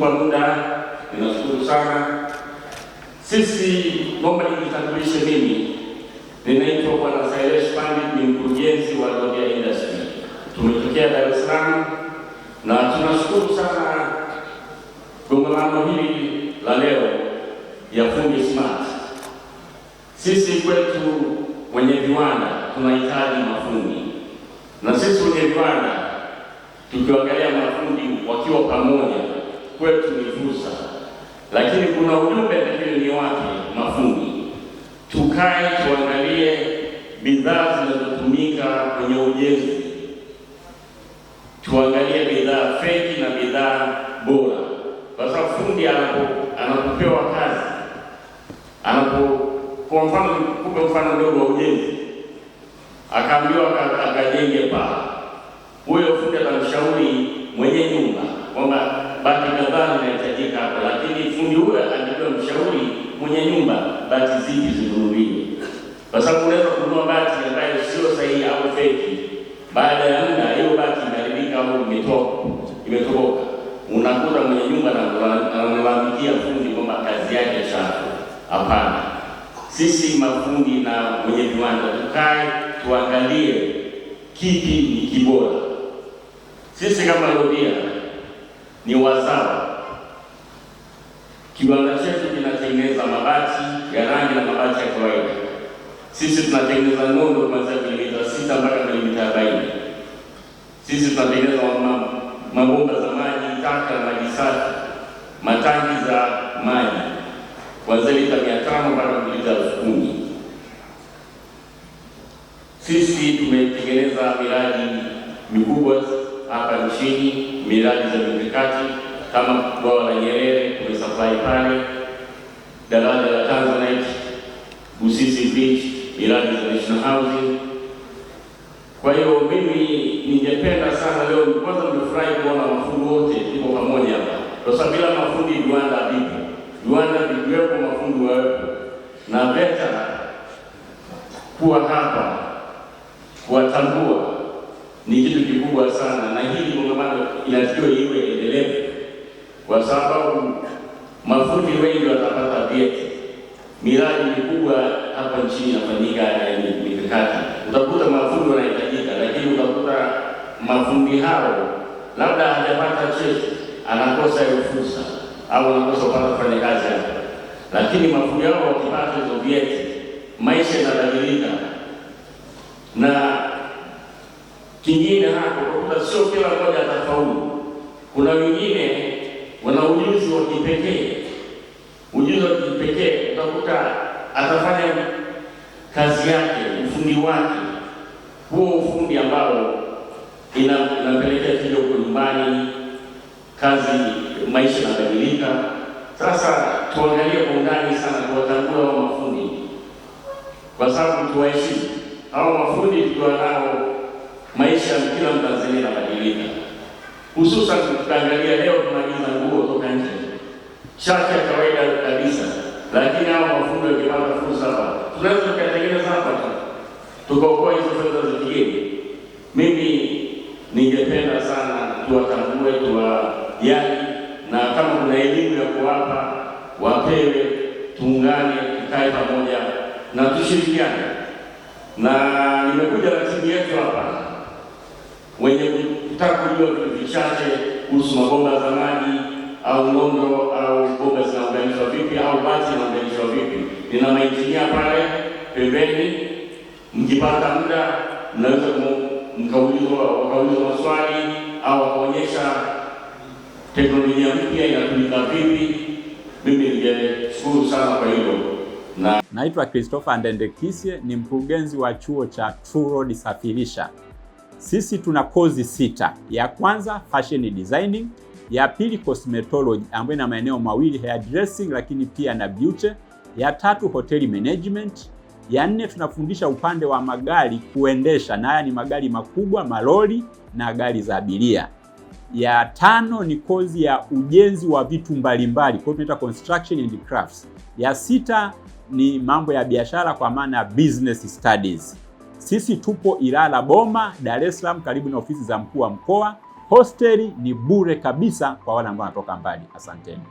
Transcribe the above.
kutupa muda, ninashukuru sana. Sisi naomba nijitambulishe, mimi ninaitwa Bwana Sailesh Pandit, ni mkurugenzi wa Zambia Industry. Tumetokea Dar es Salaam na tunashukuru sana kongamano hili la leo ya Fundi Smart. Sisi kwetu wenye viwanda tunahitaji mafundi, na sisi wenye viwanda tukiangalia mafundi wakiwa pamoja kwetu ni fursa, lakini kuna ujumbe lakini ni wake mafundi. Tukae tuangalie bidhaa zinazotumika kwenye ujenzi, tuangalie bidhaa feki na bidhaa bora, kwa sababu fundi anapopewa kazi anapo kwa mfano kupe mfano mdogo wa ujenzi, akaambiwa akajenge paa, huyo fundi atamshauri mwenyewe bati kadhaa inahitajika hapo, lakini fundi huyo anatakiwa mshauri mwenye nyumba bati zipi zinunuliwe, kwa sababu unaweza kununua bati ambayo sio sahihi au feki. Baada ya muda hiyo bati imeharibika au imetoboka, unakuta mwenye nyumba anamwambikia fundi kwamba kazi yake shafu. Hapana, sisi mafundi na wenye viwanda tukae tuangalie kipi ni kibora. Sisi kama Rodia ni wazawa. Kiwanda chetu kinatengeneza mabati ya rangi na mabati ya kawaida. Sisi tunatengeneza nondo kuanzia milimita sita mpaka milimita arobaini. Sisi tunatengeneza mabomba za maji taka na maji safi, matangi za maji kuanzia lita mia tano mpaka lita elfu kumi. Sisi tumetengeneza miradi mikubwa hapa nchini, miradi za mikakati kama bwawa la Nyerere kumesaplai pale, daraja la Tanzanite, Busisi Bridge, miradi za national housing. Kwa hiyo mimi ningependa sana leo, kwanza nimefurahi kuona mafundi wote tuko pamoja hapa, kwa sababu bila mafundi viwanda vipo, viwanda vikiwepo mafundi wawepo, na VETA kuwa hapa kuwatambua ni kitu kikubwa sana, na hii kongamano inatakiwa iwe endelevu, kwa sababu mafundi wengi watapata vyeti. Miradi mikubwa hapa nchini inafanyika ya yaani mikakati, utakuta mafundi wanahitajika, lakini utakuta mafundi hao labda hajapata cheti, anakosa hiyo fursa au anakosa kupata kufanya kazi hapa, lakini mafundi hao wakipata hizo vyeti, maisha yanabadilika na sio kila mmoja atafaulu. Kuna wengine wana ujuzi wa kipekee, ujuzi wa kipekee utakuta atafanya kazi yake, ufundi wake huo, ufundi ambao inapelekea kija huko nyumbani, kazi, maisha yanabadilika. Sasa tuangalie kwa undani sana, tuwatambue hao mafundi, kwa sababu tuwaheshimu hao mafundi tukiwa nao maisha ya kila Mtanzania yanabadilika, hususan tutaangalia leo, tunaagiza nguo toka nje, shati ya kawaida kabisa, lakini hao mafundi wakipata fursa hapa, tunaweza tukatengeneza hapa tu tukaokoa hizo fedha za kigeni. Mimi ningependa sana tuwatambue, yali na kama kuna elimu ya kuwapa wapewe, tuungane, tukae pamoja na tushirikiane. Na nimekuja na timu yetu hapa Ukitaka hiyo vichache kuhusu mabomba za maji au nondo au bomba zinaunganishwa vipi au maji zinaunganishwa vipi, nina mainjinia pale pembeni. Mkipata muda, mnaweza mkaulizwa maswali au wakaonyesha teknolojia mpya inatumika vipi. Mimi ningeshukuru sana kwa hilo na naitwa Christopher Ndendekisye, ni mkurugenzi wa chuo cha Road Safirisha. Sisi tuna kozi sita. Ya kwanza fashion designing, ya pili cosmetology ambayo ina maeneo mawili hair dressing, lakini pia na beauty. Ya tatu hoteli management. Ya nne tunafundisha upande wa magari kuendesha, na haya ni magari makubwa, malori na gari za abiria. Ya tano ni kozi ya ujenzi wa vitu mbalimbali, kwa hiyo tunaita construction and crafts. Ya sita ni mambo ya biashara kwa maana business studies. Sisi tupo Ilala Boma, Dar es Salaam, karibu na ofisi za mkuu wa mkoa. Hosteli ni bure kabisa kwa wale ambao wanatoka mbali. Asanteni.